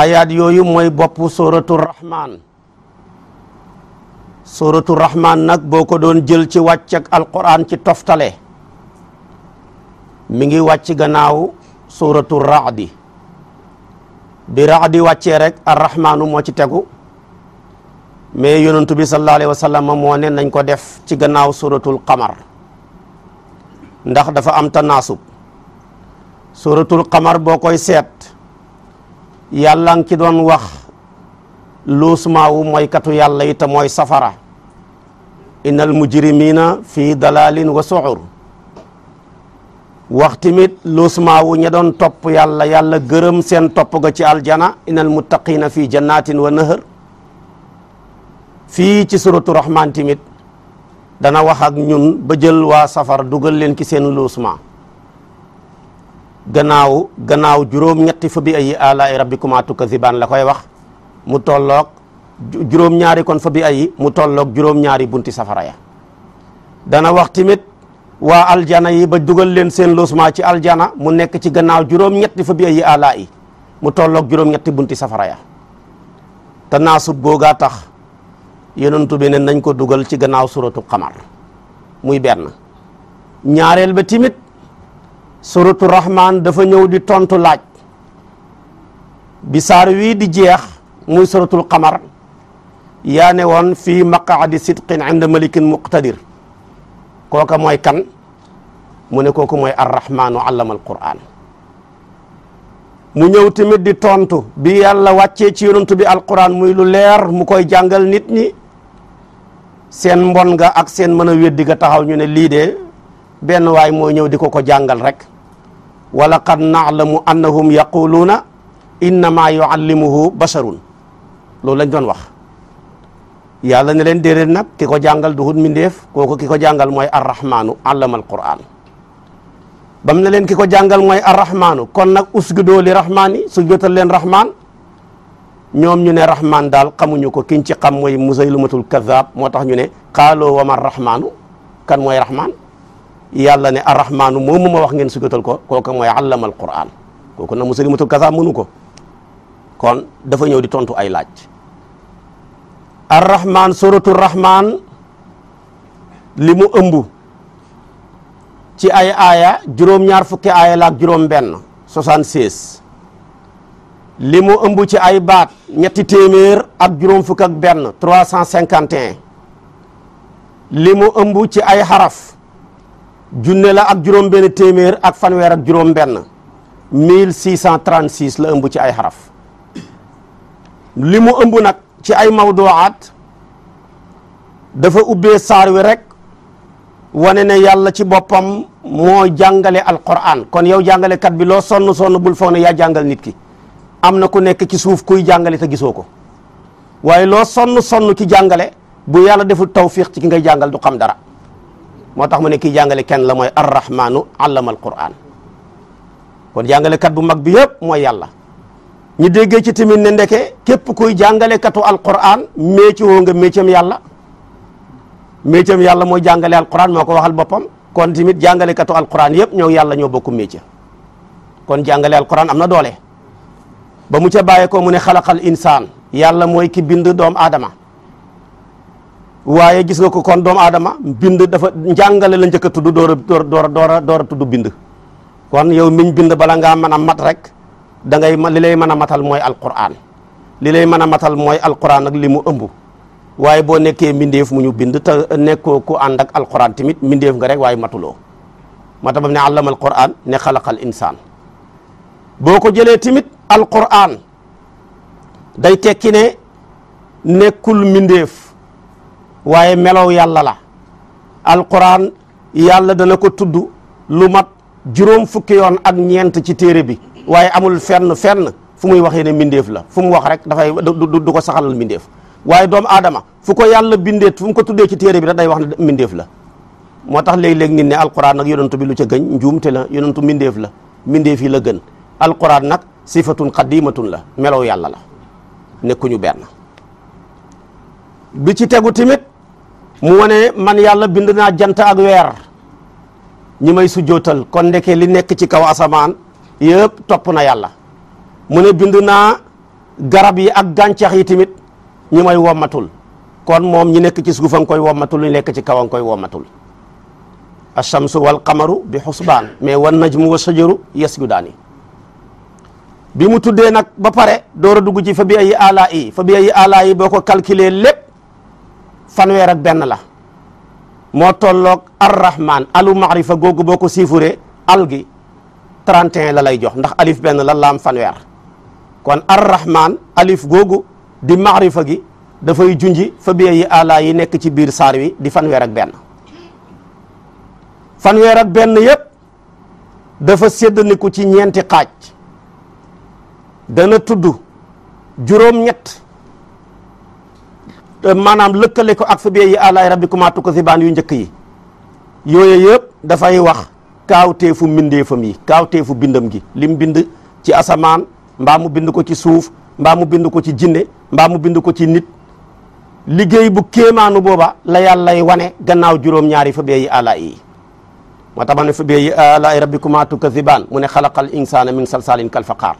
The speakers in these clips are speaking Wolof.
ayaat yooyu mooy boppu sóoratu rahman sóoratu rahman nag boo ko doon jël ci wàcc ak ci toftale mi ngi wàcc gannaaw sóoratu raadi bi raadi wàccee rek arrahmaanu moo ci tegu mais yonentu bi sallallahu alayhi wa sallam moo ne nañ ko def ci gannaaw sóoratul qamar ndax dafa am tanaasub sóoratul qamar boo koy seet yàlla ngi ci doon wax luusmaawu mooy katu yàlla yi te mooy safara innal mujrimina fii dalalin wa suxur wax tamit wu ña doon topp yàlla yàlla gërëm seen topp ga ci aljana innal muttaqina fii jannatin wa nahar fii ci suratu rahman dana wax ak ñun ba jël waa safara dugal leen ci seen luusmaa gannaaw gannaaw juróom-ñetti fa bi ay alaay rabbikuma tukazibaan la koy wax mu tollook juróom-ñaari kon fa bi ay mu tollook juróom-ñaari bunti safara ya dana wax tamit waa aljana yi ba dugal leen seen losement ci aljana mu nekk ci gannaaw juróom-ñetti fa bi ay alaay mu tolloog juróom-ñetti bunti safara ya te naasut googaa tax yonentu bi ne nañ ko dugal ci gannaaw suratu xamar muy benn ñaareel ba timit suratu rahman dafa ñëw di tontu laaj bi saar wii di jeex muy suratul qamar yaa ne woon fii maqaadi sidqin inda malikin muqtadir kooka mooy kan mu ne kooku mooy arrahmaanu allama alquran mu ñëw tamit di tontu bi yàlla wàccee ci yonantu bi alquran muy lu leer mu koy jàngal nit ñi seen mbon nga ak seen mën a weddi ga taxaw ñu ne lii de benn waay mooy ñëw di ko ko jàngal rek wala wa laqad naalamu annahum yaquluuna innama yuallimuhu basharun loolu lañ doon wax yàlla ne leen déedéet nag ki ko jàngal duhut mindeef kooku ki ko jàngal mooy arrahmaanu allama alquran bam ne leen ki ko jàngal mooy arrahmaanu kon nag usgudoo li rahmaani su jotal leen rahmaan ñoom ñu ne rahmaan daal xamuñu ko kiñ ci xam mooy musaylimatul kazaab moo tax ñu ne qaaloo wa man rahmaanu kan mooy rahmaan yàlla ne arrahmaanu moomu ma wax ngeen sugatal ko ko kooku mooy allamal quraan kooku na musalimatul kasaab mënu ko kon dafa ñëw di tontu ay laaj arrahman suratu rahman li mu ëmb ci ay aya juróom-ñaar fukki aaya laak juróom benn soixante-seize li mu ëmb ci ay baat ñetti téeméer ak juróom fukk ak benn trois cent cinquante et li mu ëmb ci ay xaraf junne la ak juróom benn téeméer ak fanweer ak juróom benn 1636 la ëmb ci ay xaraf li mu ëmb nag ci ay mawduwaat dafa ubbee saar wi rek wane ne yàlla ci boppam moo jàngale alquran kon yow jàngalekat bi loo sonn sonn bul foog ne yaa jàngal nit ki am na ku nekk ci suuf kuy jàngale te gisoo ko waaye loo sonn sonn ki jàngale bu yàlla deful tawfiq ci ki ngay jàngal du xam dara moo tax mu ne kii jàngale kenn la mooy arrahmanu allama alquran kon jàngalekat bu mag bi yëpp mooy yàlla ñu déggee ci tamit ne ndeke képp kuy jàngalekatu katu mécc woo nga méccam yàlla méccam yàlla mooy jàngale alquran moo ko waxal boppam kon tamit jàngalekatu alquran yëpp ñoo yàlla ñoo bokku mécc kon jàngale alquran am na doole ba mu ca bàyyee ko mu ne xalaqal insaan yàlla mooy ki bind doom aadama waaye gis nga ko kon doomu aadama bind dafa njàngale la njëkk a tudd door a door door a door a tudd bind kon yow miñ bind bala ngaa mën a mat rek da ngay li lay mën a matal mooy alquran li lay mën a matal mooy alquran ak li mu ëmb waaye boo nekkee mbindeef mu ñu bind nekkoo ku ànd ak alquran tamit nga rek waaye matuloo ma tax ba ne allama alquran ne xalaqal insaan boo ko jëlee tamit alquran day tekki ne nekkul mbindeef waaye melow yàlla la alquran yàlla dana ko tudd lu mat juróom fukki yoon ak ñeent ci téere bi waaye amul fenn fenn fu muy waxee ne mbindeef la fu mu wax rek dafay du ko saxalal mindeef waaye doom aadama fu ko yàlla bindeet fu mu ko tuddee ci téere bi rek day wax ne mbindeef la moo tax léeg-léeg nit ne alquran ak yonantu bi lu ca gëñ njuumte la yonantu mbindeef la mbindeef yi la gën alquran nag sifatun qadimatun la melow yàlla la nekkuñu benn bi ci tegu tamit mu wane man yàlla bind naa jant ak weer ñi may sujjootal kon ndeke li nekk ci kaw asamaan yëpp topp na yàlla mu ne bind naa garab yi ak gàncax yi tamit ñi may wommatul kon moom ñi nekk ci suufam koy wommatul ñu nekk ci kawam koy wommatul ashamsu wal qamaru bi xusbaan mais wan najmu wa shajaru yasjudaani bi mu tuddee nag ba pare door dugg ci fa bi ay alaa yi fa bi ay alaa yi boo ko calculer lépp fanweer benn la moo tolloog arrahman alu maarifa googu boo ko siifuree al gi 31 la lay jox ndax alif benn la laam fanweer kon arrahman alif googu di maarifa gi dafay junji fa bee yi ala yi nekk ci biir saar wi di fanweer benn fanweer benn yëpp dafa séddaniku ci ñeenti xaaj dana tudd juróom-ñett maanaam lëkkale ko ak fabi ayyi alaa'i rabbikumaa tukazzibaan yu njëkk yi yooyu yëpp dafay wax kaawteefu mbindeefam yi kaawteefu bindam gi lim bind ci asamaan mbaa mu bind ko ci suuf mbaa mu bind ko ci jinne mbaa mu bind ko ci nit liggéey bu kéemaanu booba la yàllay wane gannaaw juróom-ñaari fabi ayyi alaa'i yi moo tax ma ne fabi ayyi alaa'i rabbikumaa tukazzibaan mu ne xalaqal insaana min salsaalin kal faqaar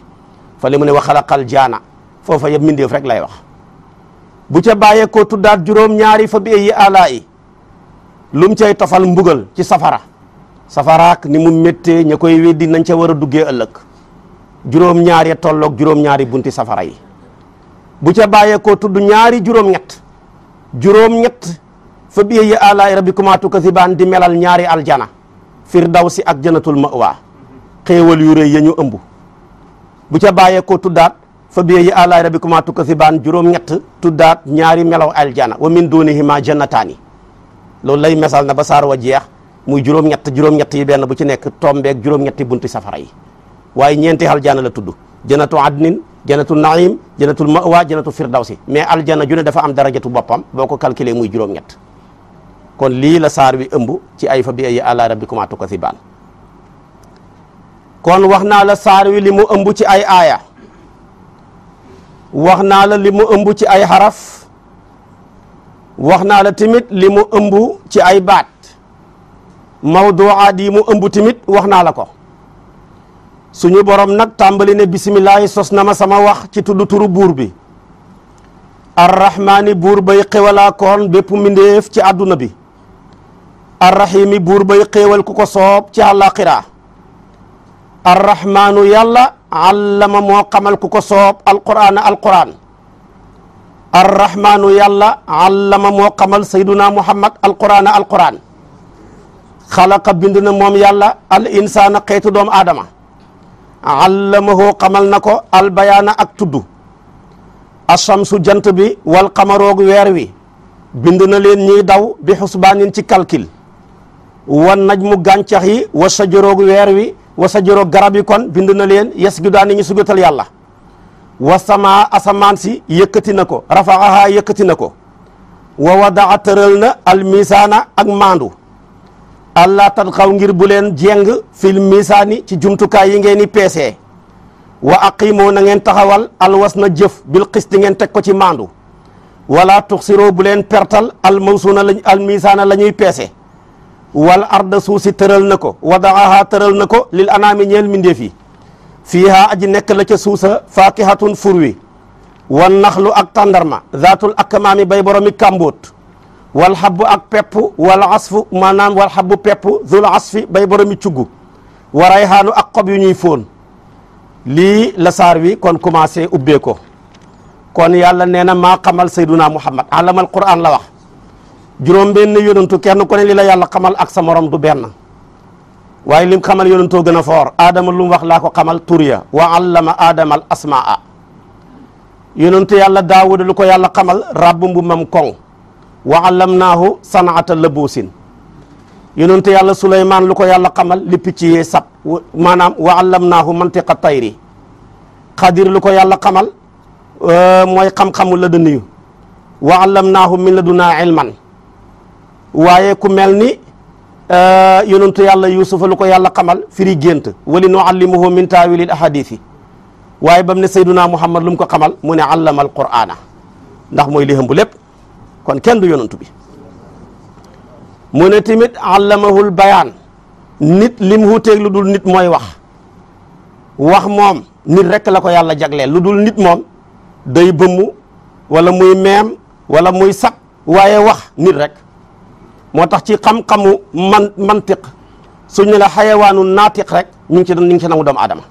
fa li mu ne wa xalaqal jaana foofa yëpp mbindeef rek lay wax bu ca bàyyee ko tuddaat juróom ñaari fa bi yi alaa yi lum cay tofal mbugal ci safara safaraak ni mu méttee ña koy weddi nañ ca war a duggee ëllëg juróom ñaari tolloog juróom ñaari bunti safara yi bu ca bàyyee ko tudd ñaari juróom ñett juróom ñett fa bi yi alaa rabbikumaa tukazibaan di melal ñaari aljana firdawsi ak janatul ma'wa xéewal yu rëy ya ñu ëmb bu ca bàyyee ko tuddaat fa bi yi àlaay rabbikumaa tukazzibaan juróom-ñett tuddaat ñaari melaw aljana wa min duunihimaa jannataani loolu lay mesal na ba saar wa jeex muy juróom-ñett juróom-ñett yi benn bu ci nekk tombeeg juróom-ñetti bunti safara yi waaye ñeenti aljana la tudd janatu adnin janatu naim janatul mawa janatu firdawsi mais aljana ju ne dafa am darajatu boppam boo ko calculé muy juróom-ñett kon lii la saar wi ëmb ci ay fa bi ay àlaay rabbikumaa tukazzibaan kon wax naa la saar wi li ëmb ci ay aaya wax naa la li mu ëmb ci ay xaraf wax naa la tamit li mu ëmb ci ay baat mawduaat yi mu ëmb tamit wax naa la ko suñu boroom nag tàmbali ne bisimilah sos na ma sama wax ci tudd turu buur bi arrahmaani buur bay xewalaa bépp mbindéef ci àdduna bi arrahimi buur bay xéewal ku ko soob ci àllaaxira arrahmaanu yàlla allama moo xamal ku ko soob alquraan alquraan arrahmaanu yàlla allama moo xamal sayduna muhammad alquraan alquraan xalaqa bind na moom yàlla al insaana xeetu doomu aadama allamahoo xamal na ko albayaana ak tudd asamsu jant bi wal xamaroog weer wi bind na leen ñiy daw bi xusbaanin ci calcul wan najmu gàncax yi wa sajaroog wa sajaro garab yi kon bind na leen yes gi daan nañu sugatal yàlla wa sama asamaan si yëkkati na ko rafaxaha yëkkati na ko wa wadaa tëral na al misaana ak maandu allah tan xaw ngir bu leen jeng fil misaani ci jumtukaay yi ngeen di peesee wa aqimoo na ngeen taxawal alwas na jëf bil xisti ngeen teg ko ci maandu wala tuxsiroo bu leen pertal al mawsuuna lañ al misaana la ñuy peese wal arda suuf si tëral na ko wadaaha tëral na ko lil anaami ñeel mindeef yi aji nekk la ca suusa faakihatun fur wi wan naxlu ak tàndarma zaatul akmaami bay boromi kàmbóot wal xabbu ak pepp wal asfu maanaam wal xabbu pepp zul asfi bay boromi cugg wa rayhaanu ak xob yu ñuy fóon lii la saar wi kon commencé ubbee ko kon yàlla nee na maa xamal sayduna muhammad alamal quran la wax juróom benn yonantu kenn ko ne li la yàlla xamal ak sa morom du benn waaye lim xamal yonantoo gën a foor aadama lu mu wax laa ko xamal turiya wa allama aadama al asmaa yonantu yàlla daawuda lu ko yàlla xamal rabb mbu mam koŋ wa allamnaahu sanaata labuusin yonante yàlla suleymaan lu ko yàlla xamal li picc yee sab maanaam wa allamnaahu mantiqa tayri xadir lu ko yàlla xamal euh, mooy xam-xamu la dënnu wa allamnaahu min ladunaa ilman waaye ku mel ni euh, yonentu yàlla yusufa lu ko yàlla xamal firi gént wali nu allimuhu min taawilil ahadithi waaye ba mu ne sayduna muhammad lu mu ko xamal mu ne allama al qur'ana ndax mooy li hëmb lépp kon kenn du yonentu bi mu ne tamit allamahul bayaan nit lim wuuteeg lu dul nit mooy wax wax mom nit rek la ko yàlla jagleel lu dul nit moom day bëmmu wala muy meem wala muy sab waaye wax nit rek moo tax ci xam-xamu man mantiq suñ ne la xayawaanu naatiq rek ñu ngi ci doon ñu ngi ci nangu doomu aadama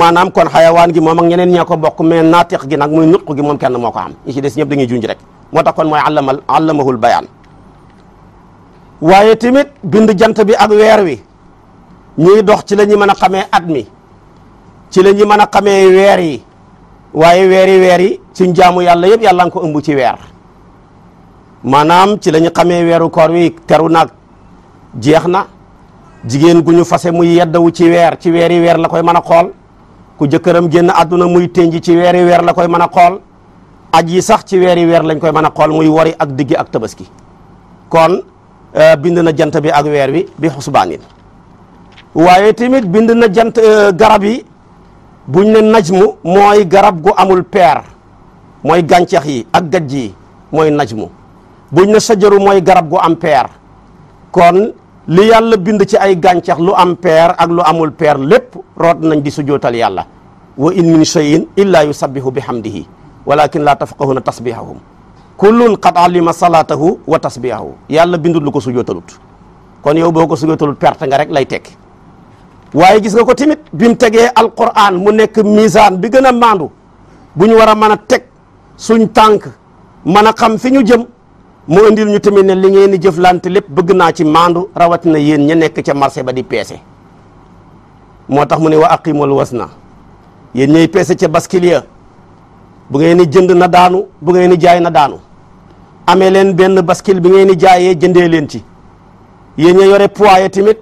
maanaam kon xayawaan gi moom ak ñeneen ñaa ko bokk mais naatiq gi nag muy nutq gi moom kenn moo ko am ñi ci des ñëpp dañuy junj rek moo tax kon mooy ma allamahul bayaan waaye tamit bind jant bi ak weer wi ñuy dox ci la ñu mën a xamee at mi ci la ñu mën a xamee weer yi waaye weer yi weer yi suñ jaamu yàlla yëpp yàlla nga ko ëmb ci weer maanaam ci lañu xamee weeru koor wi teru nag jeex na jigéen gu ñu fase muy yeddawu ci weer ci weeri weer la koy mën a xool ku jëkkëram génn àdduna muy tenji ci weeri weer la koy mën a xool aj yi sax ci weeri weer lañ koy mën a xool muy wori ak diggi ak tabaski kon euh, bind na jant bi ak weer wi bi xusbaanin waaye tamit bind na jant euh, garab yi buñ ne najmu mooy garab gu amul peer mooy gàncax yi ak gajj yi mooy najmu buñ ne sajaru mooy garab gu am peer kon li yàlla bind ci ay gàncax lu am peer ak lu amul peer lépp root nañ di sujootal yàlla wa in min shay'in illa yu yusabbihu bihamdihi walakin la tafqahuna tasbihahum kullun qad alima salatahu wa tasbihahu yàlla bindul lu ko sujootalut kon yow boo ko sujootalut perte nga rek lay tekki waaye gis nga ko tamit bi mu tegee alquran mu nekk misaan bi gën a maandu bu ñu war a mën a teg suñ tànk mën a xam fi ñu mu indil ñu tamit ne li ngeen di jëflante lépp bëgg naa ci maandu rawatina yéen ña nekk ca marché ba di peese moo tax mu ne wa aqimul wasna yéen ñooy peese ca baskiliya bu ngeen di jënd na daanu bu ngeen di jaay na daanu amee leen benn baskil bi ngeen di jaayee jëndee leen ci yéen ña yore poids ya tamit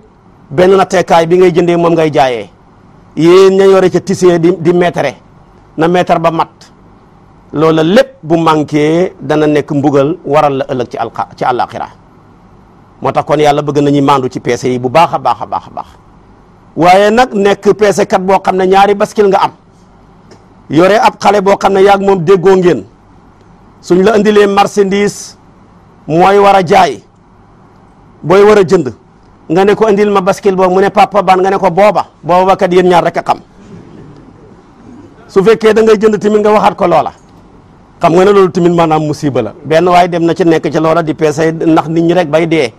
benn natteekaay bi ngay jëndee moom ngay jaayee yéen ña yore ca tissu di di mètre na mètre ba mat. loola lépp bu manqué dana nekk mbugal waral la ëllëg ci alqa ci àllaaxira moo tax kon yàlla bëgg nañu maandu ci peese yi bu baax a baax a baax a waaye nag nekk peese kat boo xam ne ñaari baskil nga am yore ab xale boo xam ne yaag moom déggoo ngeen suñ la indilee marchandise mooy war a jaay booy war a jënd nga ne ko ma baskil boo mu ne papa ban nga ne ko booba booba kat yéen ñaar rek a su fekkee da ngay jënd tamit nga waxaat ko loola. xam nga ne loolu tamit maanaam musiba la benn waaye dem na ci nekk ci loola di peese ndax nit ñi rek bay dee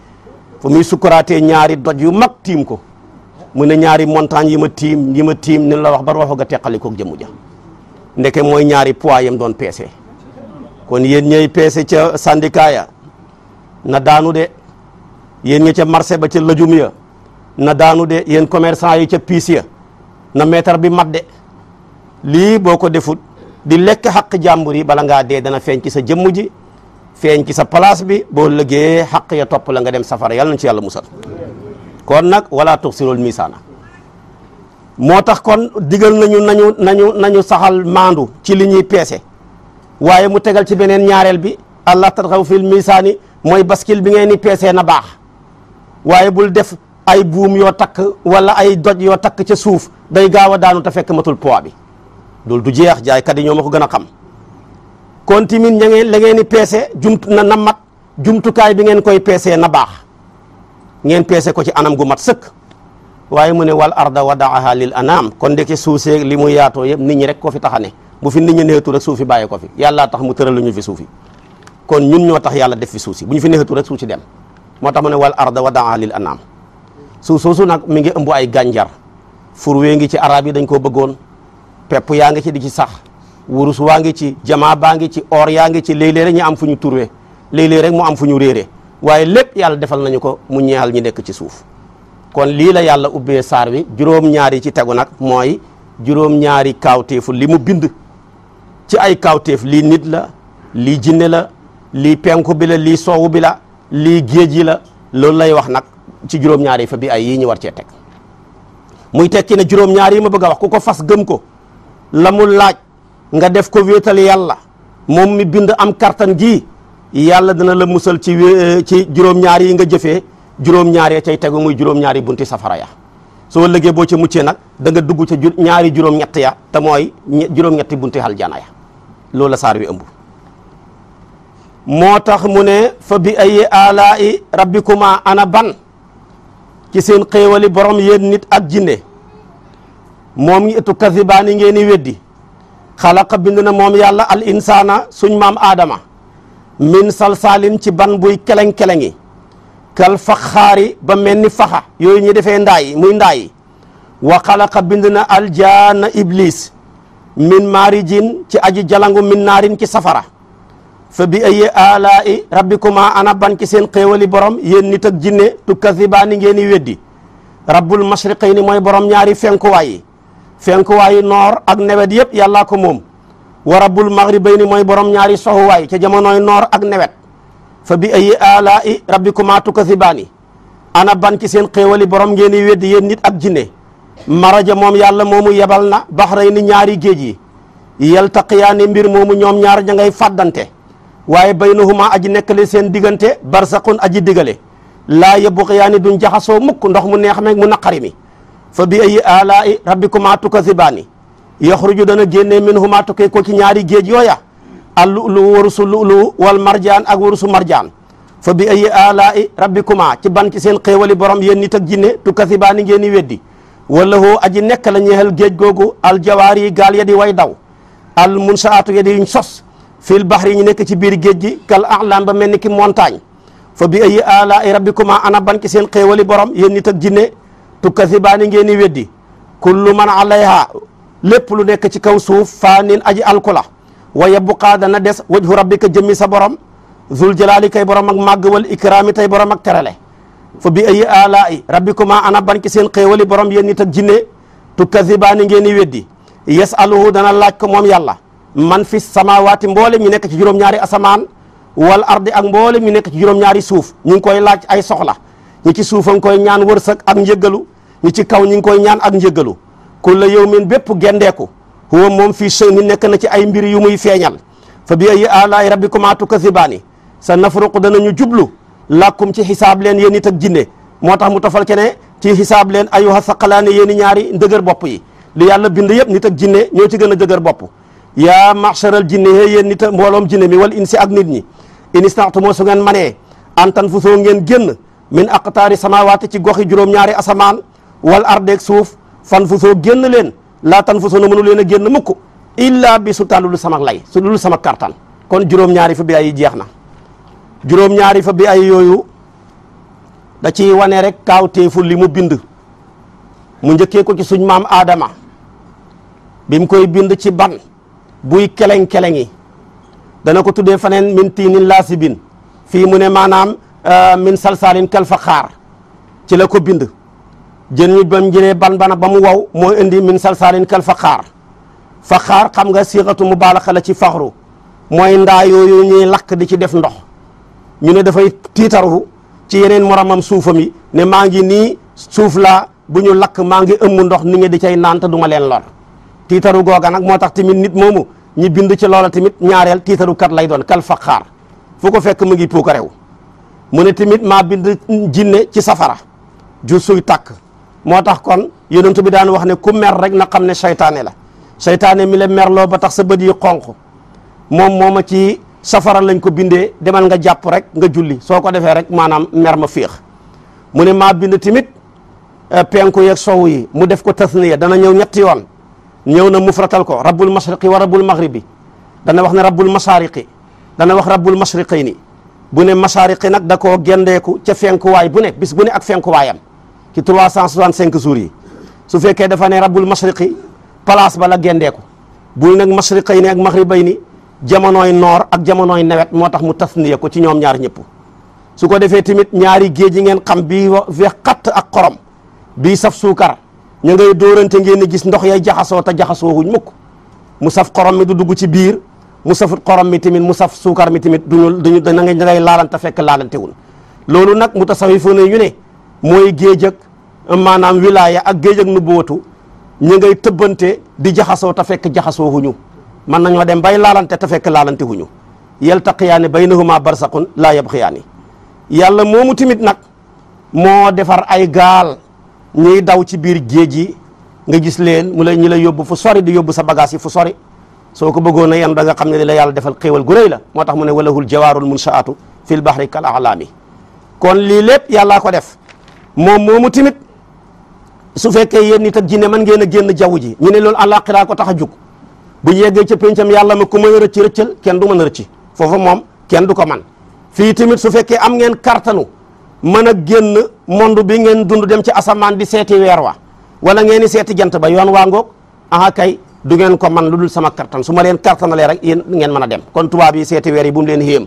fu muy sukkuraatee ñaari doj yu mag tiim ko mu ne ñaari montagne yi ma tiim yi ma tiim ni la wax ba waxu ga teqali koog jëmu ja ndeke mooy ñaari poids yam doon peese kon yéen ñooy peese ca syndicat ya na daanu de yéen ña ca marché ba ca lëjum ya na daanu de yéen commerçant yi ca piis ya na meetar bi mat de lii boo ko defut di lekk xaq jàmbur yi bala ngaa dee dana feeñ ci sa jëmm ji feeñ ci sa place bi boo lëggee xaq ya topp la nga dem safara yàlla nañ ci yàlla musal kon nag wala tuxsirul misaana moo tax kon digal nañu nañu nañu nañu saxal maandu ci li ñuy peese waaye mu tegal ci beneen ñaareel bi allah tatxaw fil misaani mooy baskil bi ngeen ni peesee na baax waaye bul def ay buum yoo takk wala ay doj yoo takk ca suuf day gaaw a daanu ta fekk matul poids bi loolu du jeex jaaykat yi ñoo ma ko gën a xam kon tamit ña ngeen la ngeen di peese jumt na na mat jumtukaay bi ngeen koy peesee na baax ngeen peese ko ci anam gu mat sëkk waaye mu ne wal arda wadaaha lil anaam kon ndeke suusee li mu yaatoo yëpp nit ñi rek ko fi taxane bu fi nit ñi neexatu rek suuf fi ko fi yàllaa tax mu tëral ñu fi suuf kon ñun ñoo tax yàlla def fi suuf si bu ñu fi neexatu rek suuf si dem moo tax mu ne wal arda wadaaha lil anaam suuf soosu nag mi ngi ëmb ay gànjar furwee ngi ci arab yi dañ koo bëggoon pepp yaa ngi ci di ci sax wurus waa ngi ci jamaa baa ngi ci or yaa ngi ci léeg-léeg am fu ñu turwe léeg-léeg rek mu am fu ñu réere waaye lépp yàlla defal nañu ko mu ñeexal ñi nekk ci suuf kon lii la yàlla ubbee saar wi juróom-ñaari ci tegu nag mooy juróom-ñaari kaawteefu li mu bind ci ay kaawteef lii nit la lii jinne la lii penku bi la lii soowu bila lii géej yi la loolu lay wax nag ci juróom-ñaari fa bi ay yii ñu war cee teg muy tekki ne juróom-ñaari ma bëgg a wax ku ko fas gëm ko la mu laaj nga def ko wéetal yàlla moom mi bind am kartan gi yàlla dana la musal ci eh, ci juróom-ñaar yi nga jëfe juróom-ñaar tegu muy juróom-ñaari bunti safara ya soo lëggee boo ci muccee nag danga dugg ca ñaari juróom-ñett ya te mooy juróom-ñetti bunti aljana ya loolu saar wi ëmb moo tax mu ne fa bi ay alaa'i rabbikuma ana ban ci seen xéewali borom yéen nit ak jinne moom itu kasibaani ngeen i weddi xalaqa bind na moom yàlla al insaana suñ maam aadama min salsaalin ci ban buy keleng-kelengi kal faxaari ba mel ni yooyu ñu defee ndaayi muy ndaayi wa xalaqa bind na aljaana iblis min maarijin ci aji jalangu min naarin ci safara fa bi ayi alaa'i rabbikuma ana ban seen xéewali borom yéen nit ak jinne tu kasibaani ngeen i weddi rabbul mashriqayni mooy borom ñaari fenkuwaay yi fenkuwaayu noor ak nawet yëpp yàllaa ko moom wa rabbul maghribayni mooy borom ñaari soxuwaay ca jamonooy noor ak nawet fa bi ay alaa'i rabbikumaa tukasibaani ana ban seen xéewali borom ngeen di weddi yéen nit ak jinne maraja moom yàlla moomu yebal na baxrayni ñaari géej yi yaltaqiyaani mbir moomu ñoom ñaar ña ngay fàddante waaye baynahuma aji nekkale seen diggante barsaqun aji digale laa yabqiyaani duñ jaxasoo mukk ndox mu neex meeg mu naqari mi fa bi ay alaai rabbikuma tukasibaani yaxruju dana génnee min huma tukkee ko ci ñaari géej yooya al lu'lu warusu lu'lu wal marjaan ak warusu marjaan fa bi a ay alaai rabbikuma ci ban ci seen xéewali borom yéen nit ak jinne tukasibaani ngeen di weddi wala hoo aji nekk la ñeexal géej googu al jawaar yi gaal ya di way daw al munsaatu ya di yuñ sos fil baxri ñu nekk ci biir géej gi kal a'lam ba mel ni ki montagne fa bi ay alaai rabbikuma ana ban ci seen xéewali borom yéen nit ak jinne tukkasibaani ngeen i weddi kullu man alayha lépp lu nekk ci kaw suuf faanin aji alkula wa yabqa dana des wajhu rabbika jëmmi sa borom zul jalaali kay borom ak màgg wal ikraami tay borom ak terale fa bi ayi alaa'i rabbikuma ana ban ci seen xéewali borom yéen nit ak jinne tukkasibaani ngeen i weddi yasaluhu dana laaj ko moom yàlla man fi samawaati mboolem mi nekk ci juróom-ñaari asamaan wal ardi ak mboolem mi nekk ci juróom-ñaari suuf ñu ngi koy laaj ay soxla ñi ci suufa nga koy ñaan wërsëg ak njëggalu ñi ci kaw ñi ngi koy ñaan ak njëggalu kulla yawmin bépp gendeeku huwa moom fii shay'in nekk na ci ay mbir yu muy feeñal fa bi ayyi aalaa'i rabbikumaa tukazzibaani sa dana ñu jublu làkkum ci xisaab leen yéen it ak jinne moo tax mu tofal kene ci xisaab leen ayyuha saqalaani yéeni ñaari ndëgër bopp yi li yàlla bind yëpp nit ak jinne ñoo ci gën a dëgër bopp yaa maxsaral jinne hee yéen nit mbooloom jinne mi wal insi ak nit ñi in istaatu moo su ngeen manee antan ngeen génn min sama samawaati ci goxi juróom-ñaari asamaan wal ardeeg suuf fan fu soo génn leen laa tan fu soo na leen a génn mukk illa bi su tàllulu sama lay su lulu sama kartan kon juróom-ñaari fa bi ay jeex na juróom-ñaari fa bi ay yooyu da ciy wane rek kaawteefu li mu bind mu njëkkee ko ci suñ maam Adama bi koy bind ci ban buy keleng-keleng dana ko tuddee faneen min tiinin laasibin fii mu ne maanaam Euh, min salsaalin kal faxaar ci la ko bind jën wi ba mu jëlee ban bana ba mu wow moo indi min salsaalin kel faxaar faxaar xam nga siixatu mubaalaxa la ci faxru mooy ndaa yooyu ñuy lakk di ci def ndox ñu ne dafay tiitaru ci yeneen moromam suufam yi ne maa ngi nii suuf laa bu ñu lakk maa ngi ëmb ndox ni nga di cay naan te du ma leen lor tiitaru googa nag moo tax tamit nit moomu ñi bind ci loola tamit ñaareel tiitaru kat lay doon kal faxaar fu ko fekk mu ngi puukarew mu ne tamit maa bind jinne ci safara ju suy tàkk moo tax kon yeneen yonent bi daan wax ne ku mer rek na xam ne saytaane la seytaane mi la merloo ba tax sa bët yi xonq moom mooma ci safara lañ ko bindee demal nga jàpp rek nga julli soo ko defee rek maanaam mer ma féex mu ne ma bind tamit euh, penku yeeg sowu yi mu def ko tasniya dana ñëw ñetti yoon ñëw na mufratal ko rabbul mashriqi wa rabbul maghribi dana wax ne rabbul masariqi dana wax rabbul mashriqayni bu ne masaariqi nag da koo gendeeku ca fenkuwaay bu ne bis bu ne ak fenkuwaayam ci 365 jour yi su fekkee dafa rabul rabbul masriqi place ba la gendeeku bul nag masriqay ni ak maxribay ni jamonooy noor ak jamonooy nawet moo tax mu tas tasniya ko ci ñoom ñaar ñëpp su ko defee tamit ñaari géej yi ngeen xam bi weex xatt ak xorom bii saf suukar ña ngay dóorante ngeen gis ndox yay jaxasoo te jaxasoo wuñ mukk mu saf xorom mi du dugg ci biir mu saf xorom mi tamit mu saf suukar mi tamit duñu duñu da ngay laalante fekk laalantewul loolu nag mu tasawifu ne ñu ne mooy géej ak maanaam wilaaya ak géej ak nubuwatu ñu ngay tëbbante di jaxasoo ta fekk jaxasoo huñu mën nañoo dem bay laalante te fekk laalante ñu huñu yaltaqiyaani baynahuma barsaqun laa yabxiyaani yàlla moomu tamit nag moo defar ay gaal ñuy daw ci biir géej yi nga gis leen mu la ñu la yóbbu fu sori di yóbbu sa bagage yi fu sori soo ko bëggoon a yan da nga xam ne li la yàlla defal xéewal gu rëy la moo tax mu ne walahul jawaarul munsaatu fil bahri kal alaami kon lii lépp yàllaa ko def moom moomu tamit su fekkee yéen nit ak jinne mën ngeen a génn jaww ji ñu ne loolu àllaaxiraa ko tax a jug bu ñu yeggee ca pencam yàlla ma ku mën a rëcc rëccal kenn du mën a rëcc foofu moom kenn du ko man fii tamit su fekkee am ngeen kartanu mën a génn monde bi ngeen dund dem ci asamaan di seeti weer wa wala ngeen seeti jant ba yoon waa ngoog du ngeen ko man lu dul sama kartan su ma leen kattanalee rek yéen ngeen mën a dem kon tubaab yi seeti weer yi leen xéem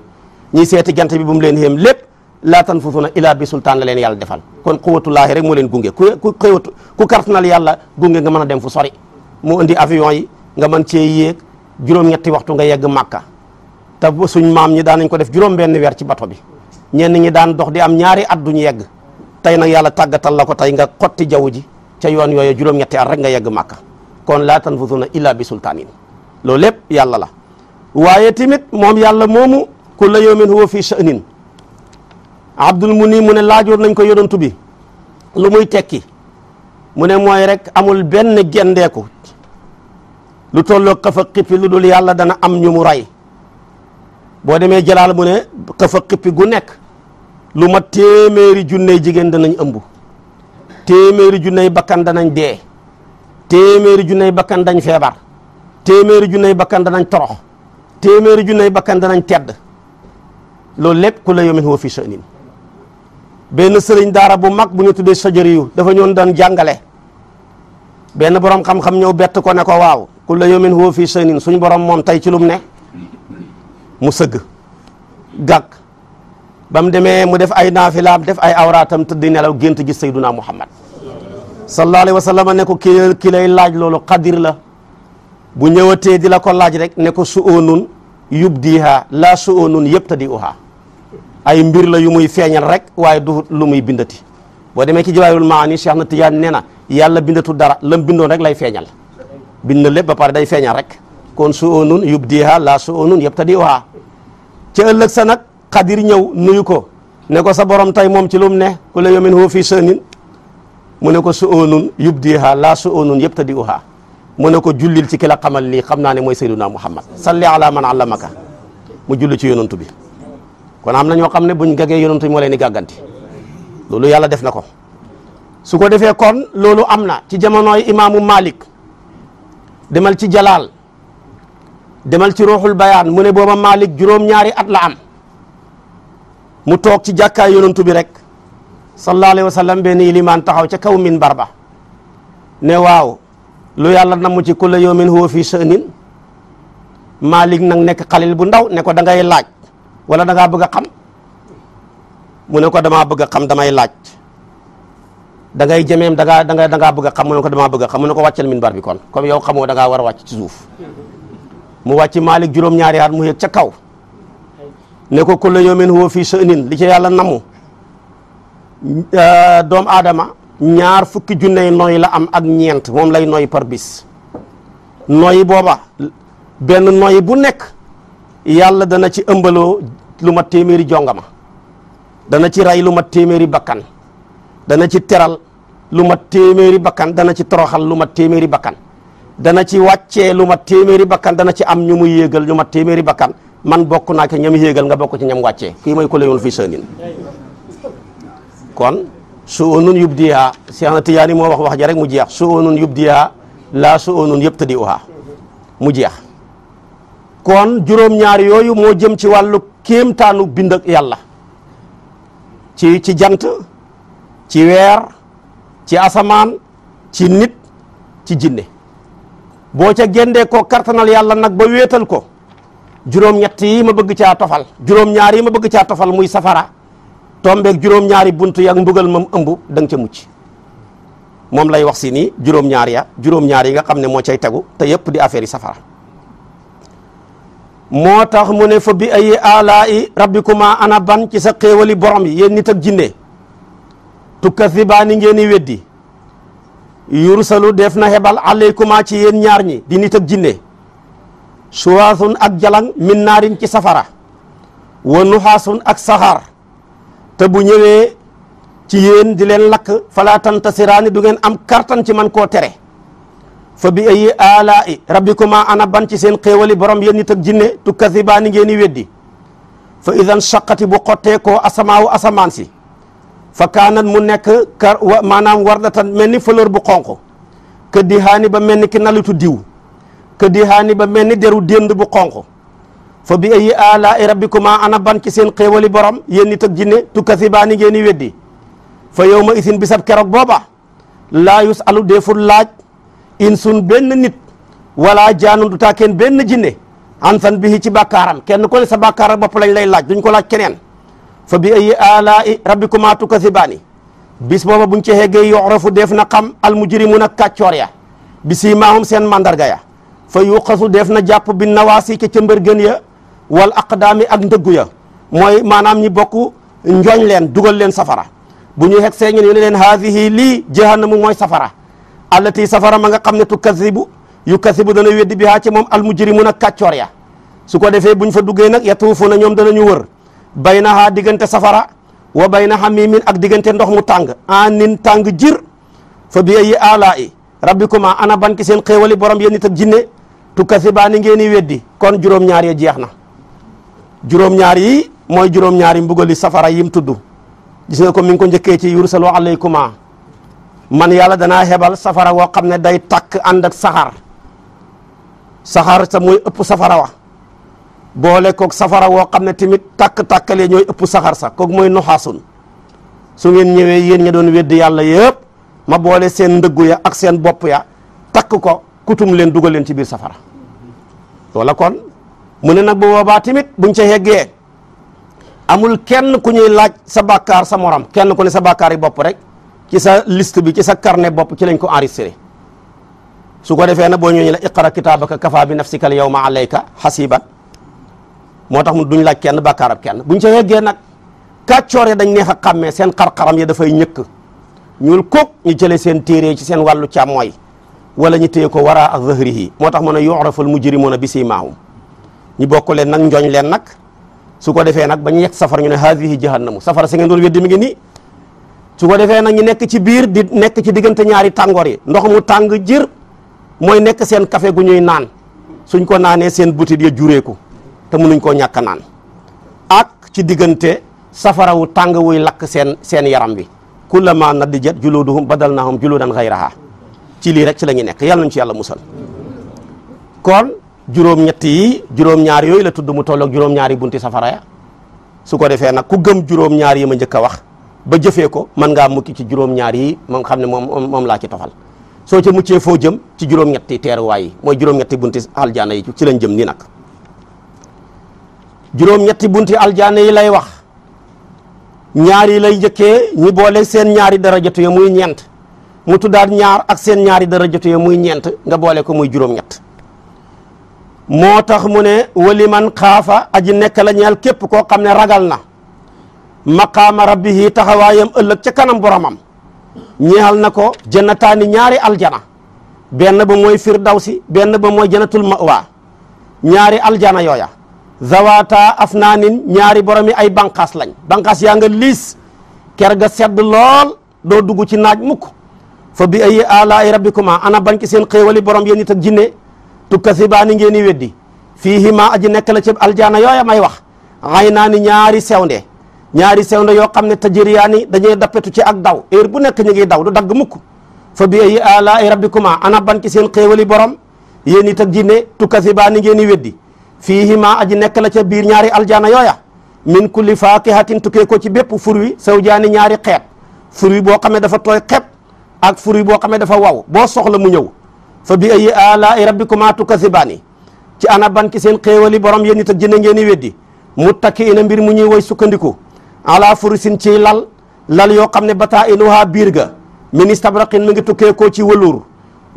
ñi seeti jant bi bu leen xéem lépp laa tanfusuna ilaa bi sultaan la leen yàlla defal kon xuwatullaahi rek moo leen gunge ku ku xëwatu ku kartanal yàlla gunge nga mën a dem fu sori mu indi avion yi nga mën cee yéeg juróom-ñetti waxtu nga yegg màkka te suñ maam ñi daan nañ ko def juróom benn weer ci bato bi ñenn ñi daan dox di am ñaari at duñu yegg tey nag yàlla tàggatal la ko tey nga xotti jaww ji ca yoon yooyu juróom at rek nga yegg màkka kon laa tanfuzuna illa bi sultaanin loolu lépp yàlla la waaye tamit moom yàlla moomu kulla yawmin huwa fi sha'nin abdul muni mu ne laajoon nañ ko yonantu bi lu muy tekki mu ne mooy rek amul benn gendeeku lu tolloo xafa xippi lu dul yàlla dana am ñu mu rey boo demee jalaal mu ne xafa xippi gu nekk lu ma téeméeri junney jigéen danañ ëmb téeméeri junney bakkan danañ dee téeméeri junney bakkan dañ feebar téeméeri junney bakkan danañ torox téeméeri junney bakkan danañ tedd loolu lépp ku la yomin huwa fi sha'nin benn sëriñ daara bu mag bu ñu tuddee sajari yu dafa ñoon daan jàngale benn borom xam-xam ñëw bett ko ne ko waaw ku la yomin huwa fi sha'nin suñ borom moom tey ci lum ne mu sëgg gàkk ba demee mu def ay naafilaam def ay awraatam tëdd nelaw gént gis sayduna muhammad sallallahu alayhi wa sallam ne ko ki ki laaj loolu xadir la bu ñëwatee di la ko laaj rek ne ko su oonun yubdiha laa su oonun yëpp ta di uha ay mbir la yu muy feeñal rek waaye du lu muy bindati boo demee ci jawaahirul maani Cheikh na Tidiane nee na yàlla bindatu dara lam bindoon rek lay feeñal bind na lépp ba pare day feeñal rek kon su oonun yubdiha laa su oonun yëpp ta di uha ca ëllëg sa nag xadir ñëw nuyu ko ne ko sa borom tey moom ci lum ne ku la yomin hu mu ne ko su oonun yubdiha laa su oonun yëpp tadiuha mu ne ko jullil ci ki la lii xam naa ne mooy sayyiduna muhammad salli ala man allamaka mu julli ci yonantu bi kon am na ñoo xam ne bu gaggee yonantu bi moo leen di gàgganti loolu yàlla def na ko su ko defee kon loolu am na ci jamonoy imaamu malik demal ci jalaal demal ci ruuxul bayaan mu ne booba malik juróom-ñaari at la am mu toog ci jàkkaay yonantu bi rek sallallahu alayhi wa sallam benn ilimaan taxaw ca kaw min barba ne waaw lu yàlla namu ci kulla yawmin huwa fii sha'nin Malik nag nekk xalil bu ndaw ne ko da ngay laaj wala da ngaa bëgg xam mu ne ko damaa bëgg a xam damay laaj da ngay jëmeem da ngaa da nga a xam mu ne ko damaa bëgg a xam mu ne ko wàccal minbar bi kon comme yow xamoo da ngaa war a wàcc ci suuf mu wàcc Malik juróom-ñaari at mu yëg ca kaw ne ko kulla yawmin huwa fi sha'nin li ci yàlla namu Euh, doomu aadama ñaar fukki junney nooy la am ak ñeent moom lay nooy par bis nooy booba benn nooy bu nekk yàlla dana ci ëmbaloo lu mat téeméeri jongama dana ci rey lu mat téeméeri bakkan dana ci teral lu mat téeméeri bakkan dana ci toroxal lu mat téeméeri bakkan dana ci wàccee lu mat téeméeri bakkan dana ci am ñu mu yéegal lu mat téeméeri bakkan man bokk naa ke ñam yéegal nga bokk ci ñam wàccee kii mooy ku layoon fii sënin kon su unun yubdiha Cheikh na Tidiane moo wax wax ja rek mu jeex su unun yubdiha laa su unun yëpp tadiuha mu jeex kon juróom-ñaar yooyu moo jëm ci wàllu kéemtaanu bind ak yàlla ci ci jant ci weer ci asamaan ci nit ci jinne boo ca géndee ko kartanal yàlla nag ba wéetal ko juróom-ñett yi ma bëgg a tofal juróom-ñaar yi ma bëgg caa tofal muy safara tombeeg juróom-ñaari buntu yak mbugal mam ëmb da nga ca mucc moom lay wax si nii juróom-ñaar juróom-ñaar yi nga xam ne moo cay tegu te yëpp di affaire safara moo tax mu ne fa bi ay alaa'i rabbikuma ana ban ci sa xéewali borom yi yéen nit ak jinne tukkathibaani ngeen i weddi yursalu def na hebal alaykuma ci yéen ñaar ni di nit ak jinne suwaasun ak jalang min ci safara wa nuxaasun ak saxaar te bu ñëwee ci yéen di leen lakk falaa tantasiraani du ngeen am kartan ci man koo tere fa bi ayi alaa'i rabbikuma ana ban ci seen xéewali borom yéen nit ak jinne tukkasibaani ngeen i weddi fa idan shaqati bu xottee koo asamaawu asamaan si fa kaanat mu nekk kar maanaam wardatan mel ni fleur bu xonq këddi haani ba mel ni ki nalutu diw këddi haani ba mel ni deru dénd bu xonq fa bi ayi rabbi rabbikuma ana ban ci seen xéewali borom yéen nit ak jinne tukkasibaani ngeen i weddi fa yow ma isin bisab keroog booba laa yus alu deeful laaj in sun benn nit wala jaanun du taa kenn benn jinne an san bihi ci bàkkaaram kenn ko ne sa bàkkaar bopp lañ lay laaj duñ ko laaj keneen fa bi ayi alaa'i rabbikuma tukkasibaani bis booba buñ ci xeggee yoxrafu def na xam al mujrimuuna kaccoor ya bi siimaahum seen mandarga ya fa yuqasu def na jàpp bi nawaasi ca cëmbër gën ya wal aqdaami ak ndëggu ya mooy maanaam ñi bokk njooñ leen dugal leen safara bu ñu xeg see ñu ne leen haadihi lii jahannamu mooy safara allati safara ma nga xam ne tukazzibu yu kasibu dana weddi bi haa ci moom na kàccoor ya su ko defee buñ fa duggee nag yatuufuuna ñoom danañu wër baynahaa diggante safara wa bayna hamimin ak diggante ndox mu tàng anin tàng jir fa bi ayi alaa'i rabbikuma ana ban ki seen xéewali borom yéen nit ak jinne tukkasibaani ngeen i weddi kon juróom-ñaar ya jeex na juróom-ñaar mooy juróom-ñaar yi mbugali safara yim tudd gis nga ko mi ngi ko njëkkee ci yursalu alaykuma man yàlla danaa hebal safara woo xam ne day takk ànd ak saxaar saxaar sa mooy ëpp safara wa boole koog safara woo xam ne tamit takk-takkale ñooy ëpp saxaar sa kook mooy noxaasun su ngeen ñëwee yéen ña doon weddi yàlla yëpp ma boole seen ndëggu ya ak seen bopp ya takk ko kutum leen dugal leen ci biir safara loola kon mu ne nag bu boobaa tamit buñ ca yeggee amul kenn ku ñuy laaj sa bàkkaar sa morom kenn ku ne sa bàkkaar bopp rek ci sa liste bi ci sa karne bopp ci lañ ko enregistré su ko defee nag boo ñëwee ñu la iqra kitaabaka kafa bi nafsika al yawma alayka hasiba moo tax mu duñ laaj kenn bàkkaar ab kenn buñ ca yeggee nag kàccoor ya dañ neex a xàmmee seen xar-xaram ya dafay ñëkk ñuul koog ñu jëlee seen téere ci seen wàllu càmmooy wala ñu téye ko wara a zahrihi moo tax mu ne mu mujrimuuna bi siimaahum ñi bokk leen nag njooñ leen nag su ko defee nag ba ñu yegg safara ñu ne haadihi jahannamu safara sa ngeen doon weddi mi ngi nii su ko defee nag ñu nekk ci biir di nekk ci diggante ñaari tàngoor yi ndox mu tàng jër mooy nekk seen café gu ñuy naan suñ ko naanee seen butit ya jureeku te mënuñ koo ñàkk naan ak ci diggante safara wu wuy lakk seen seen yaram bi kullama nadijat juluduhum badalnahum juludan ghayraha ci lii rek ci la ñu nekk yàlla ci yàlla musal kon juróom-ñett yi juróom ñaari yooyu la tudd mu tolloog juróom-ñaar yi bunti safara ya su ko defee nag ku gëm juróom-ñaar yi ma njëkk a wax ba jëfee ko mën ngaa mukki ci juróom ñaari yi moom xam ne moom moom laa ci tofal soo ca muccee foo jëm ci juróom-ñetti teeruwaay mooy juróom-ñetti bunti aljaana yi ci lañ jëm nii nag juróom-ñetti bunti yi lay wax ñaar lay njëkkee ñi boole seen ñaari darajatu ya muy ñeent mu tuddaat ñaar ak seen ñaari darajatu ya muy ñeent nga boole ko muy juróom-ñett moo tax mu ne wali man xaafa aji nekk la ñeel képp koo xam ne ragal na maqaama rabbihi taxawaayam ëllëg ca kanam boromam ñeexal na ko jannataani ñaari aljana benn ba mooy firdawsi benn ba mooy jannatul ma'wa ñaari aljana yooya zawata afnaanin ñaari borom yi ay banqaas lañ banqaas yaa nga liis kerga sedd lool doo dugg ci naaj mukk fa bi ay alaa'i rabbikuma ana bañ ci seen xéewali borom yéen nit ak jinne tukkasibaani ngeen i weddi fiihima aji nekk la ci aljaana yooya may wax xay naa ni ñaari sewnde ñaari sewnde yoo xam ne tajëriyaani dañuy dappetu ci ak daw heure bu nekk ñu ngi daw du dagg mukk fa bi ay alaa rabbikuma ana ban ci seen xéewali borom yéen it ak jinne tukkasibaani ngeen i weddi fiihima aji nekk la ca biir ñaari aljaana yooya min kulli faakihatin tukkee ko ci bépp fur wi sawjaani ñaari xeet fur wi boo xamee dafa tooy xepp ak fur boo xamee dafa waw boo soxla mu ñëw fa bi ay alaai rabbikuma baani ci ana ban seen xéewali borom yéen nit ak jënne ngeen i weddi mu takki ina mbir mu ñuy woy sukkandiku ala furusin ci lal lal yoo xam ne bataa inuha biir ga min istabraqin mu ngi tukkee koo ci wëluur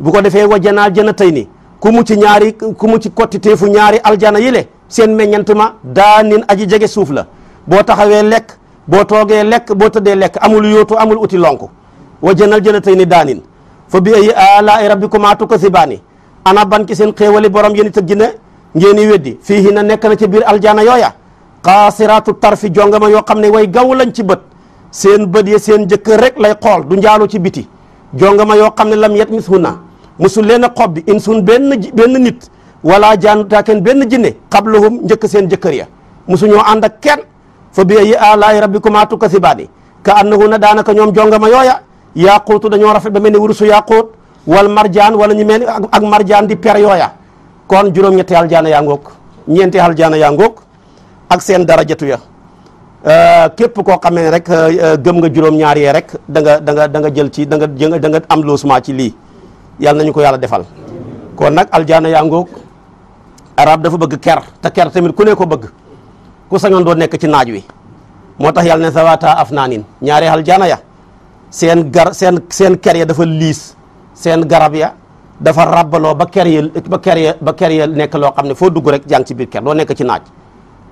bu ko defee wa wajanaa jëna tey ni ku mu ci ñaari ku mu ci kottiteefu ñaari aljaana yi le seen meññant ma daa nin aji jege suuf la boo taxawee lekk boo toogee lekk boo tëddee lekk amul yóotu amul uti lonk wajanal jëna tey ni daanin fa bi ay alaay rabbikumaa tukasibaani ana ban ci seen xéewali borom yéen itam jinne ngeen i weddi fii hi na nekk na ci biir aljaana yooya xaasiraatu tarfi jongama yoo xam ne way gaw lañ ci bët seen bët ya seen jëkkër rek lay xool du njaaloo ci biti jongama yoo xam ne lam yet mis hunna musul leen a xob bi insun benn benn nit wala jaanutaa kenn benn jinne xablahum njëkk seen jëkkër ya musuñoo ànd ak kenn fa bi ay alaay rabbikumaa tukasibaani ka annahu na daanaka ñoom jongama yooya yaquutu dañoo rafet ba mel ni wurusu yaquut wal marjaan wala ñu mel ni ak marjaan di per yooya kon juróom-ñetti aljaana yaa ngoog ñeenti aljaana yaa ngoog ak seen dara darajatu ya euh, képp koo xamee rek euh, euh, gëm nga juróom-ñaar yee rek danga danga da nga jël ci danga nga da nga am loosuma ci lii yàlla nañu ko yàlla defal kon nag aljaana yaa ngoog arab dafa bëgg ker te ker tamit ku ne ko bëgg ku sañoon doo nekk ci naaj wi moo tax yàlla ne sawata afnaanin ñaari aljaana ya seen gar seen seen ker ya dafa liis seen garab ya dafa rabbaloo ba ker ba ker ya ba ker ya nekk loo xam ne foo dugg rek jàng ci biir ker doo nekk ci naaj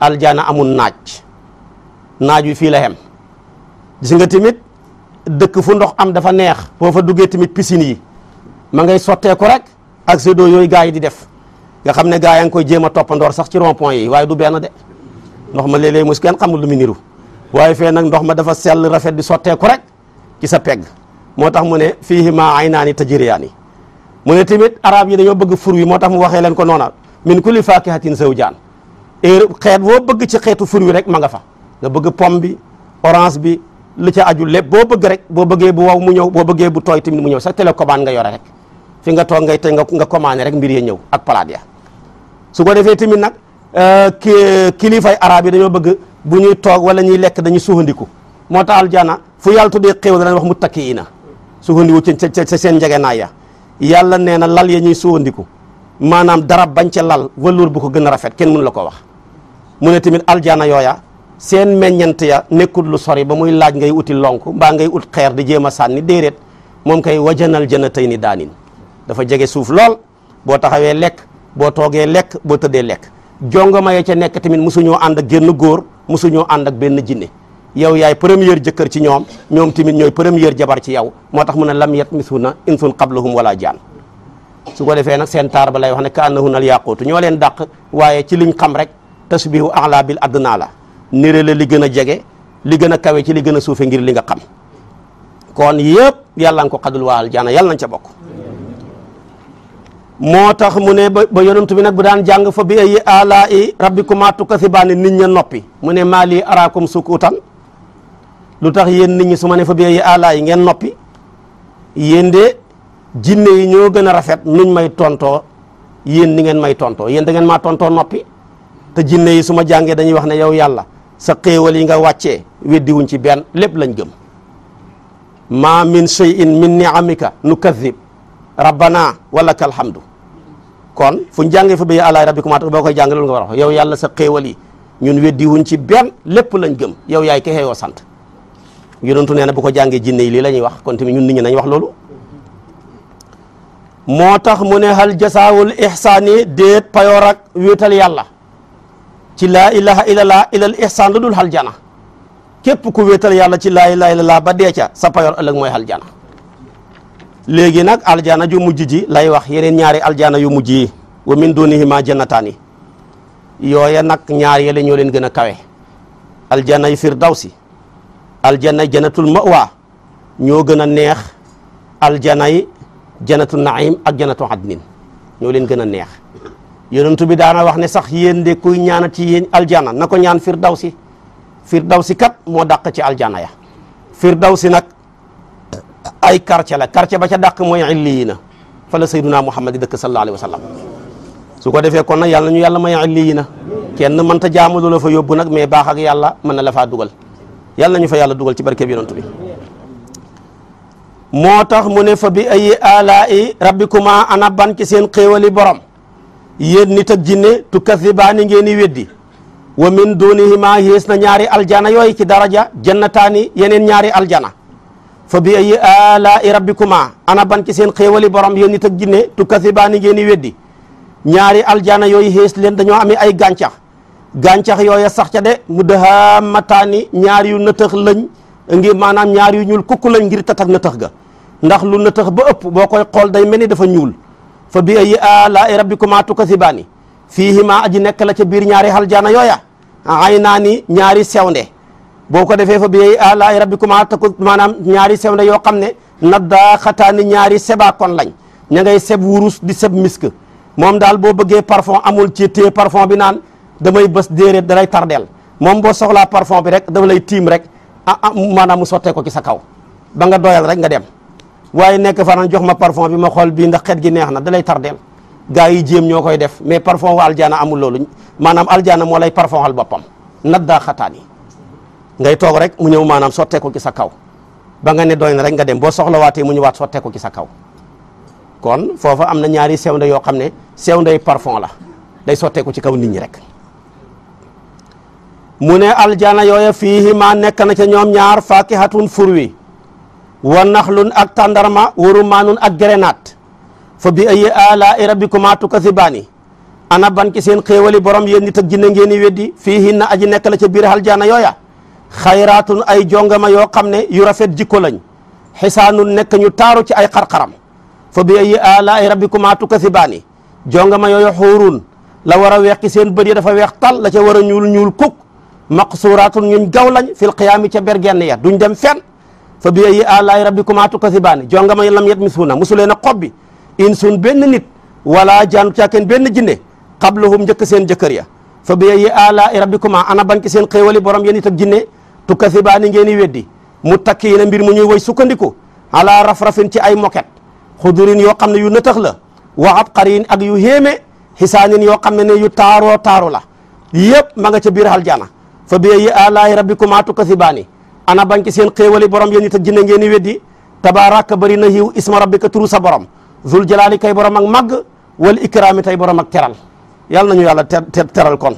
aljaana amul naaj naaj wi fii la xem gis nga tamit dëkk fu ndox am dafa neex boo fa duggee tamit piscine yi ma ngay sotteeku rek ak sedo yooyu gars yi di def nga xam ne gars yaa ngi koy jéem a toppandoor sax ci rond yi waaye du benn de ndox ma léeg-léeg mos kenn xamul lu mu niru waaye fee nag ndox ma dafa sell rafet di sotteeku rek ci sa pegg moo tax mu ne fiihimaa aynaani tajriyaani mu ne tamit arab yi dañoo bëgg fur wi moo tax mu waxee leen ko noona min kulli faakihatin zawjaan xeet boo bëgg ci xeetu fur wi rek ma nga fa nga bëgg pomme bi orange bi li ca aju lépp boo bëgg rek boo bëggee bu waw mu ñëw boo bëggee bu tooy tamit mu ñëw sa télécommande nga yore rek fi nga toog ngay tey nga commandé rek mbir ya ñëw ak palaat ya su ko defee tamit nag euh, kilifay arab yi dañoo bëgg bu ñuy toog wala ñuy lekk dañuy suuxandiku fu yàlla tuddee xéw danañ wax mu takki ina sukandiku ci seen njegenaay ya yàlla nee na lal ya ñuy sukandiku maanaam dara bañ ca lal wëlluur bu ko gën a rafet kenn mënu la ko wax mu ne tamit aljana yooya seen meññant ya nekkut lu sori ba muy laaj ngay uti lonk mbaa ngay ut xeer di jéem a sànni déedéet moom kay wajanal tey jannatayni daanin dafa jege suuf lool boo taxawee lekk boo toogee lekk boo tëddee lekk jongoma ya ca nekk tamit mosuñoo ànd ak génn góor mosuñoo ànd ak benn jinne yow yaay première jëkkër ci ñoom ñoom tamit ñooy première jabar ci yow moo tax mu ne lam yat misuna insun qablahum wala jaan su ko defee nag seen taar ba lay wax ne ka annahunna al yaquutu ñoo leen dàq waaye ci liñ xam rek tasbihu ala bil adna la nire la li gën a jege li gën a kawe ci li gën a suufe ngir li nga xam kon yëpp yàlla ko xadul waa aljaana yàlla nañ ca bokk moo tax mu ne ba yonent bi nag bu daan jàng fa bi ay alaa i rabbikuma tukasibaani noppi mu ne maa lii araakum sukuutan lu tax yéen nit ñi su ma ne fa bee yi àllaa ngeen noppi yéen de jinne yi ñoo gën a rafet nuñ may tontoo yéen ni ngeen may tontoo yéen da ngeen maa tontoo noppi te jinne yi suma jàngee dañuy wax ne yow yàlla sa xéewal yi nga wàccee weddiwuñ ci benn lépp lañ gëm ma min shay'in min ni'amika nukadhib rabbana walaka alhamdu kon fu ñu jàngee fa bi àlaay rabbikum boo koy jàngalee lu nga war yow yàlla sa xéewal yi ñun weddiwuñ ci benn lépp lañ gëm yow yaay kexeeyoo sant yonentu nee na bu ko jàngee jinne yi lii la ñuy wax kon tamit ñun nit ñi nañ wax loolu moo tax mu ne hal jasaawul ihsaani déet payoor ak wéetal yàlla ci laa ilaha illallah ilal ihsaan la dul hal képp ku wetal yàlla ci laa ilaha illallah ba dee ca sa payoor ëllëg mooy hal jana léegi nag aljana ju mujj ji lay wax yeneen ñaari aljana yu mujj yi wa min dunihima jannataani yooya nag ñaar yële ñoo leen gën a kawe aljanay firdawsi aljana janatul mawa ñoo gën a neex aljanay janatu naim ak janatu adnin ñoo leen gën a neex yonentu bi daana wax ne sax yéen de kuy ñaana ci yéen aljana na ko ñaan firdawsi firdawsi kat moo dàq ci aljana ya firdawsi nag ay quartier la quartier ba ca dàq mooy illiyiina fa la sayyiduna muhammad dëkk sallallahu alayhi wa sallam su ko defee kon nag yàlla ñu yàlla may illiyiina kenn mënta jaamu lu la fa yóbbu nag mais baax ak yàlla mën na la faa dugal yàlla nañu fa yàlla dugal ci barkeb yonent bi moo tax mu ne fa bi ay alaa'i rabbikuma ana ban seen xéewali borom yéen nit ak jinne ba ngeen i weddi wa min dunihima yées na ñaari aljana yooyu ci daraja jannataani yeneen ñaari aljana fa bi ay alaa'i rabbikuma ana ban ci seen xéewali borom yéen nit ak jinne tukazibaani ngeen i weddi ñaari aljana yooyu xees leen dañoo amee ay gàncax gàncax yooya sax ca de mu daha mataani ñaari yu nëtëx lañ ngir maanaam ñaar yu ñuul kukku lañ ngir tatak nëtëx ga ndax lu nëtëx ba ëpp boo koy xool day mel ni dafa ñuul fa bi ay la ayi alaai rabbikumaa tukasibaani fiihimaa aji nekk la ca biir ñaari haljaana yooya ay naa ni ñaari sewnde boo ko defee fa bi ayi alaai rabbikumaa taku maanaam ñaari sewnde yoo xam ne naddaa xataani ñaari seba kon lañ ña ngay seb wurus di seb misk moom daal boo bëggee parfum amul ci téye bi naan damay bës déedéet dalay tardeel moom boo soxlaa parfum bi rek dafa lay tiim rek ah ah maanaam mu sottee ko ci sa kaw ba nga doyal rek nga dem waaye nekk fanaan jox ma parfum bi ma xool bii ndax xet gi neex na dalay tardeel gaa yi jéem ñoo koy def mais parfum wa aljaana amul loolu maanaam aljaana moo lay parfum al boppam nat daa xataan yi ngay toog rek mu ñëw maanaam sottee ko ci sa kaw ba nga ne doy na rek nga dem boo soxlawaatee mu ñëwaat sottee ko ci sa kaw kon foofa am na ñaari sewnde yoo xam ne sewnde parfum la day sottee ko ci kaw nit ñi rek mu ne aljana yooya fiihi ma nekk na ca ñoom ñaar fakihatun furwi wa naxlun ak tàndarma wa rumaanun ak grenat fa bi ayyi alaa'i rabbikumaa tukasibaani ana ban ci seen xéewali borom yéen nit ak jinne ngeeni weddi fiihinna aji nekk la ca biir aljana yooya xayraatun ay jongama yoo xam ne yu rafet jikko lañ xisaanun nekk ñu taaru ci ay xarxaram fa bi ayyi alaa'i rabbikumaa tukasibaani jongama yooya xuurun la war a weex ci seen bët yi dafa weex tal war a ñuul ñuul kuk maqsuratun ñuñ gaw lañ fil qiyaami ca ber genn ya duñ dem fenn fa bi ayi alaay rabbikumaa tukasibaani jonga ma lam yet mi suuna mosuleen a xob bi benn nit wala jaanu caa kenn benn jinne qablahum njëkk seen jëkkër ya fa bi ayi alaay rabbikumaa ana ban ci seen xéewali borom yéen it ak jinne tukasibaani ngeen i weddi mu takki na mbir mu ñuy woy sukkandiku ala rafrafin ci ay moket xudurin yoo xam ne yu nëtëx la wa abqarin ak yu héeme xisaanin yoo xam ne ne yu taaroo taaru la yëpp ma nga ca biir aljana fa bi ayyi alaa'i rabbikumaa tukazibaani ana bañ ci seen xéewali borom yéen nit ak jinne ngeen i weddi tabaaraka bari na yiw isma rabbika turu sa borom zul jalaali kay borom ak màgg wal ikraami tay borom ak teral yàlla ñu yàlla teral kon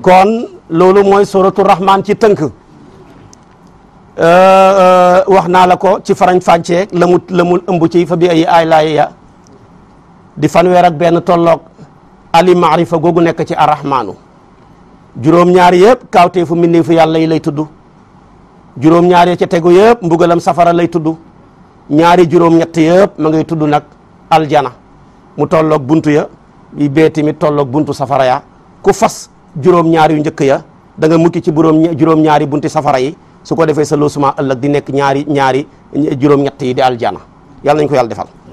kon loolu mooy suratu rahman ci tënk wax naa la ko ci farañ fànceeg la mu la mu ëmb ci fa bi ay aay di fanweer ak benn tolloog ali maarifa googu nekk ci arrahmaanu juróom-ñaar fu kaawteefu mbindeefu yàlla yi lay tudd juróom-ñaar ya ca tegu yëpp mbugalam safara lay tudd ñaari juróom-ñett yëpp ma ngay tudd nag aljana mu tolloog buntu ya bi bee tamit tolloog buntu safara ya ku fas juróom ñaari yu njëkk ya da nga mukki ci buróom juróom-ñaari bunti safara yi su ko defee sa loosuma ëllëg di nekk ñaari ñaari juróom-ñett yi di aljana yàlla nañ ko yàlla defal